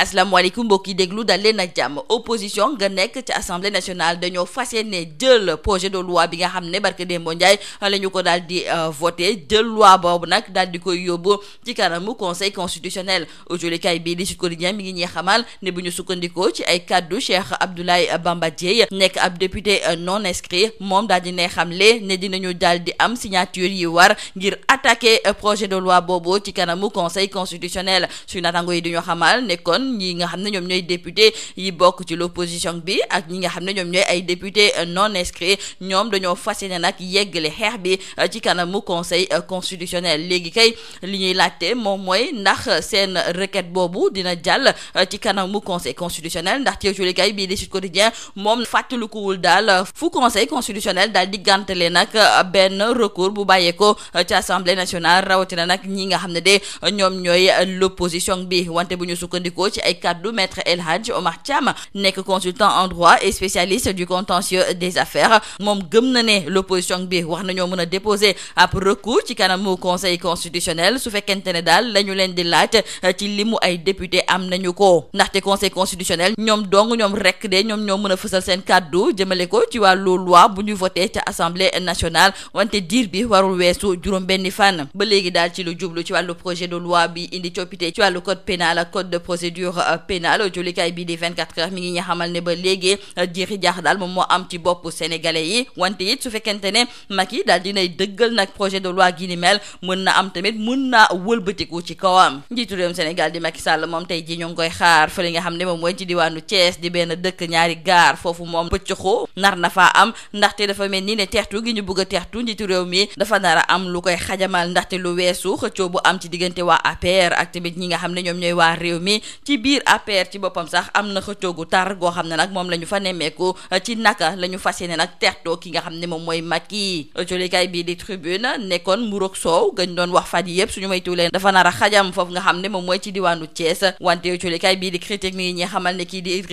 asalaamaaleykum mbokki déglu dal leen ak jàmm opposition nga nekk ci assemblée nationale dañoo fas ne jël projet de loi bi nga xam ne barke Demba Ndiaye la ñu ko daal di euh, voté jël loi boobu nag daal di koy yóbbu ci kanamu conseil constitutionnel aujolikay bii di Sud Quotidien mi ngi ñuy xamal ne bu ñu sukkandikoo ci ay kaddu Cheikh Abdoulaye Bamba Dièye nekk ab député euh, non inscrit moom daal di ne xam xamle ne dina dinañu daal di am signature yi war ngir attaquer euh, projet de loi boobu ci kanamu conseil constitutionnel suñu naataango yi di ñu ñi nga xam ne ñoom ñooy député yi bokk ci l'opposition bi ak ñi nga xam ne ñoom ñooy ay député non inscrits ñoom dañoo fas yéene nag yeggale xeex bi euh, ci kanamu conseil euh, constitutionnel léegi kay li ñuy laajte moom mooy ndax seen requête boobu dina jàll euh, ci kanamu conseil constitutionnel ndax ci juli kay bii di Sud Quotidien moom fàttalikuwul daal fu conseil constitutionnel daal di gàntale nag benn recours bu bàyyeekoo ca assemblée nationale rawatina nag ñi nga xam ne de ñoom ñooy ci ay kaddu maître El Hadj Omar Thiam nekk consultant en droit et spécialiste du contentieux des affaires moom gëm na ne l'opposition bi wax nañoo mën a déposer ab recours ci kanamu conseil constitutionnel su fekkente ne daal la ñu leen di laaj ci limu ay député am nañu ko ndaxte conseil constitutionnel ñoom dong ñoom rek de ñoom ñoo mën a fësal seen kaddu jëmale ko ci wàllu loi bu ñu voté ca assemblée nationale wante diir bi warul weesu juróom benni fan ba léegi daal ci lu procédure euh, pénale julikaay bi di 24 heures mi ngi ñu xamal ne ba léegi euh, jiixi moo am ci bopp sénégalais yi wante it su fekkente ne daal dinay dëggal nag projet de loi gi ni mel mën na am tamit mën naa wëlbatiku ci kawam njiitu réewum Sénégal di Macky Sall moom tey ji ñu ngi koy xaar fële nga xam ne moom mooy ci diwaanu Thiès di benn dëkk ñaari gaar foofu moom pëccxoo nar na faa am ndaxte dafa mel ni ne teextu gi ñu bëgg a teextu njiitu réew mi dafa nar am lu koy xajamal ndaxte lu weesu xëccoo bu am ci diggante waa APR ak tamit ñi nga xam ne ñoom ñooy waa réew mi ci biir APR ci boppam sax am na xëccoogu tar goo xam ne nag moom la ñu fa nemmeeku ci naka la ñu fas yéene nag tertoo ki nga xam ne moom mooy Macky jolikaay bii di tribune nekkoon mburoog soow gañ doon wax fan yi yëpp suñu may tuuleen dafa nar a xajam foofu nga xam ne moom mooy ci diwaanu Thiès wante jolikaay bii di critique mi ngi ñi xamal ne kii di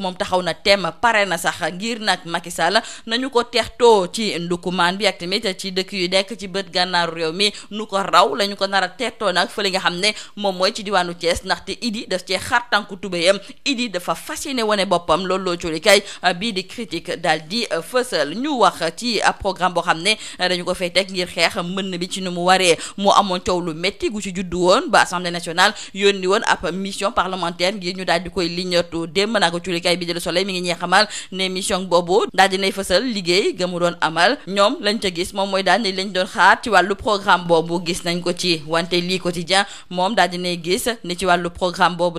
moom taxaw na temm pare na sax ngir nag Macky Sall nañu ko tertoo ci ndukumaan bi ak tamit ci dëkk yu nekk ci bët gànnaaru réew mi nu ko raw la ñu ko nar a tertoo nag fële nga xam ne moom mooy ci diwaanu Thiès ndaxte idi daf cee xar tànku tubéyam idi dafa fas yéene wane boppam loolu loo coli kay euh, bii di critique daal di euh, fësal ñu wax ci euh, programme boo xam ne dañu ko fay teg ngir xeex mbënn bi ci nu mu waree mu amoon coow lu métti gu ci juddu woon ba assemblée nationale yónni woon ab mission parlementaire ngir ñu daal di koy liñatu démb naa ko coli kay bii di mi ngi ñee xamal ne mission boobu daal dinay fësal liggéey ga mu doon amal ñoom lañ ca gis moom mooy daal ni lañ doon xaar ci wàllu programme boobu gis nañ ko ci wante lii quotidien moom daal dinay gis ne ci wàllu programme boobu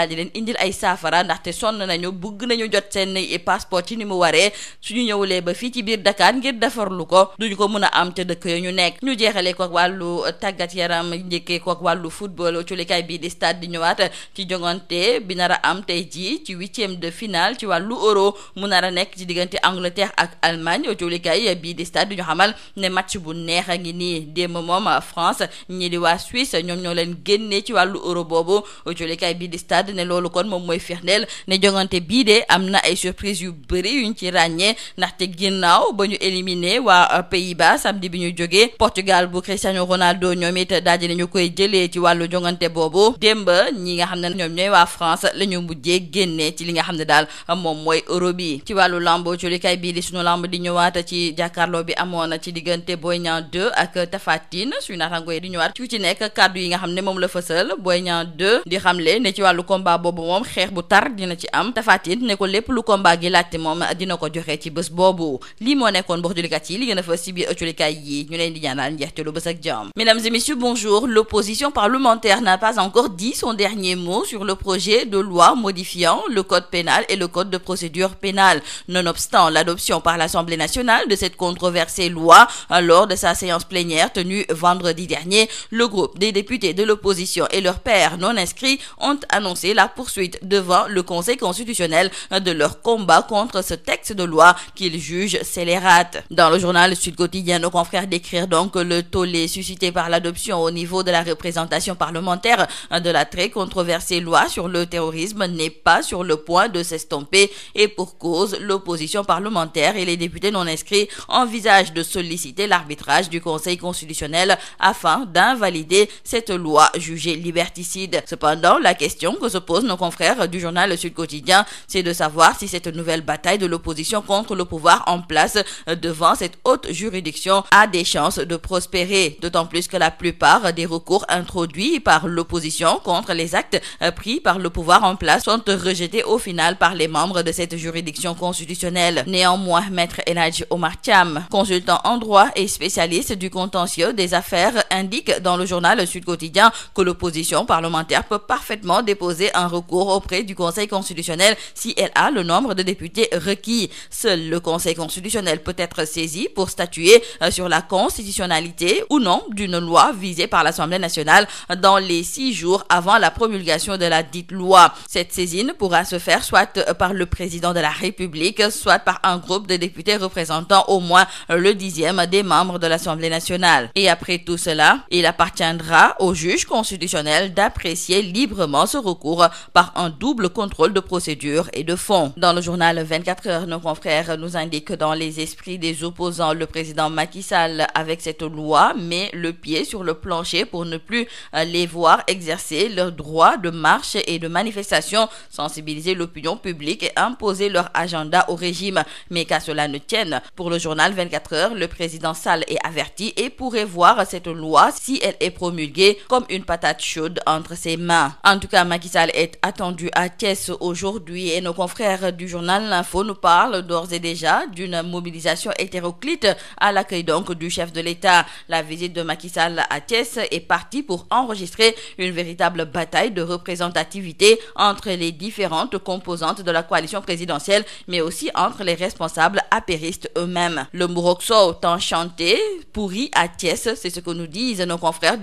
daal di leen indil ay saafara ndaxte sonn nañu bugg nañu jot seen passeport ci ni mu waree suñu ñëwulee ba fii ci biir Dakar ngir defarlu ko duñu ko mën a am ca dëkk ya ñu nekk ñu jeexalee ko ak wàllu tàggat yaram njëkkee ko ak wàllu football culikaay bii di stade di ñëwaat ci jongante bi nar a am tey ci huitième de ci wàllu euro mu nar a ci diggante Angleterre ak Allemagne culikaay bii di stade di ñu xamal ne match bu neex a ngi nii démb moom France ñii di waa Suisse ñoom ñoo leen génnee ci wàllu euro boobu culikaay bii di stade Wade ne loolu kon moom mooy firndeel ne jongante bii de am na ay surprise yu bëri yuñ ci ràññee ndaxte ginnaaw ba ñu éliminé waa euh, pays ba samedi bi ñu jógee Portugal bu Cristiano Ronaldo ñoom it daal nañu koy jëlee ci wàllu jongante boobu démb ñi nga xam ne ñoom ñoy waa France la ñu mujjee génnee ci li nga xam ne daal moom mooy euro yi ci wàllu lambo colikay bii di suñu lamb di ñëwaat ci jàkkaarloo bi amoon ci diggante Boy Niang 2 ak Tapha Tine suñu naataango yi di ñëwaat ci nekk kàddu yi nga xam ne moom la combat boobu moom xeex bu tar dina ci am Tapha Tine ne a mesdames et messieurs bonjour l'opposition parlementaire et le code de procédure pénale nonobstant l'adoption par l'Assemblée nationale de cette controversée loi euh, lors de sa séance plénière tenue vendredi dernier le groupe des députés de l'opposition et leurs pairs non inscrits ont annoncé demander la poursuite devant le Conseil constitutionnel de leur combat contre ce texte de loi qu'ils jugent scélérate. Dans le journal Sud Quotidien, nos confrères décrire donc le tollé suscité par l'adoption au niveau de la représentation parlementaire de la très controversée loi sur le terrorisme n'est pas sur le point de s'estomper et pour cause, l'opposition parlementaire et les députés non inscrits envisagent de solliciter l'arbitrage du Conseil constitutionnel afin d'invalider cette loi jugée la question que se posent nos confrères du journal Le Sud Quotidien, c'est de savoir si cette nouvelle bataille de l'opposition contre le pouvoir en place devant cette haute juridiction a des chances de prospérer, d'autant plus que la plupart des recours introduits par l'opposition contre les actes pris par le pouvoir en place sont rejetés au final par les membres de cette juridiction constitutionnelle. Néanmoins, Maître El Hadj consultant en et spécialiste du contentieux déposer un recours auprès du Conseil constitutionnel si elle a le nombre de députés requis. Seul le Conseil constitutionnel peut être saisi pour statuer euh, sur la constitutionnalité ou non d'une loi visée par l'Assemblée nationale dans les six jours avant la promulgation de la dite loi. Cette saisine pourra se faire soit par le président de la République, soit par un groupe de députés représentant au moins le dixième des membres de l'Assemblée nationale. Et après tout cela, il appartiendra au juge constitutionnel d'apprécier librement ce recours recours par un double contrôle de procédure et de fond. Dans le journal 24 heures, nos confrères nous indiquent que dans les esprits des opposants, le président Macky avec cette loi, met le pied sur le plancher pour ne plus euh, les voir exercer leurs droits de marche et de manifestation, sensibiliser l'opinion publique et imposer leur agenda au régime. Mais qu'à cela ne tienne, pour le journal 24 heures, le président Sall est averti et pourrait voir cette loi, si elle capitale est attendue à Thiès aujourd'hui et nos confrères du journal L'Info nous parlent d'ores et déjà d'une mobilisation hétéroclite à l'accueil donc du chef de l'État. La visite de Macky à Thiès est partie pour enregistrer une véritable bataille de représentativité entre les différentes composantes de la coalition présidentielle, mais aussi entre les responsables apéristes eux-mêmes. Le Mouroxo tant chanté pourri à Thiès, c'est ce que nous disent nos confrères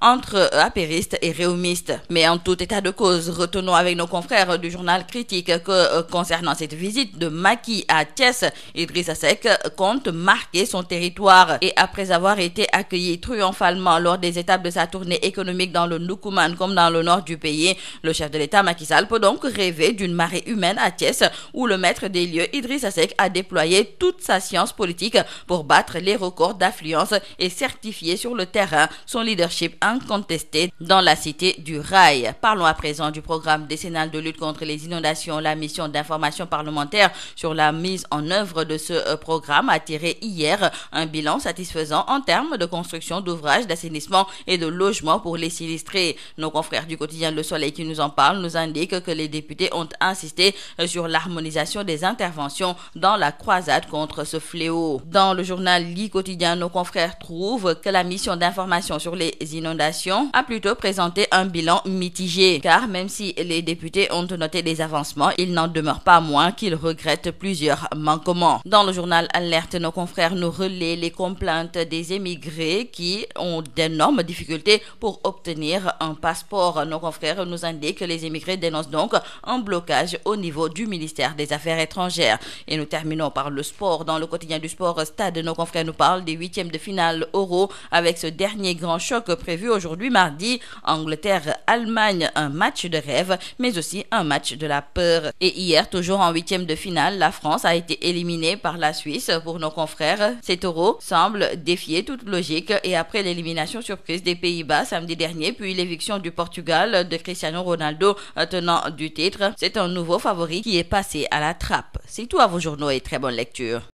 entre euh, apéristes et réumistes. Mais en tout état de cause, retenons avec nos confrères du journal critique que euh, concernant cette visite de Maki à Thiès, Idrissa Seck compte marquer son territoire et après avoir été accueilli triomphalement lors des étapes de sa tournée économique dans le Ndoukoumane comme dans le nord du pays, le chef de l'État Macky peut donc rêver d'une marée humaine à Thiès où le maître des lieux Idrissa Seck a déployé toute sa science politique pour leadership incontesté dans la cité du rail. Parlons à présent du programme décennal de lutte contre les inondations. La mission d'information parlementaire sur la mise en œuvre de ce euh, programme a tiré hier un bilan satisfaisant en termes de construction d'ouvrages d'assainissement et de logement pour les sinistrés. Nos confrères du quotidien Le Soleil qui nous en parlent nous indiquent que les députés ont insisté euh, sur l'harmonisation des interventions dans la croisade inondations a plutôt présenté un bilan mitigé, car même si les députés ont noté des avancements, il n'en demeure pas moins qu'ils regrettent plusieurs manquements. Dans le journal Alerte, nos confrères nous relaient les plaintes des émigrés qui ont d'énormes difficultés pour obtenir un passeport. Nos confrères nous indiquent les émigrés dénoncent donc un blocage au niveau du ministère des Affaires étrangères. Et nous terminons par le sport. Dans le quotidien prévu aujourd'hui mardi. Angleterre-Allemagne, un match de rêve, mais aussi un match de la peur. Et hier, toujours en huitième de finale, la France a été éliminée par la Suisse. Pour nos confrères, ces taureaux semblent défier toute logique et après l'élimination surprise des Pays-Bas samedi dernier, puis l'éviction du Portugal de Cristiano Ronaldo tenant du titre, c'est un nouveau favori qui est passé à la trappe. C'est tout à vos journaux et très bonne lecture.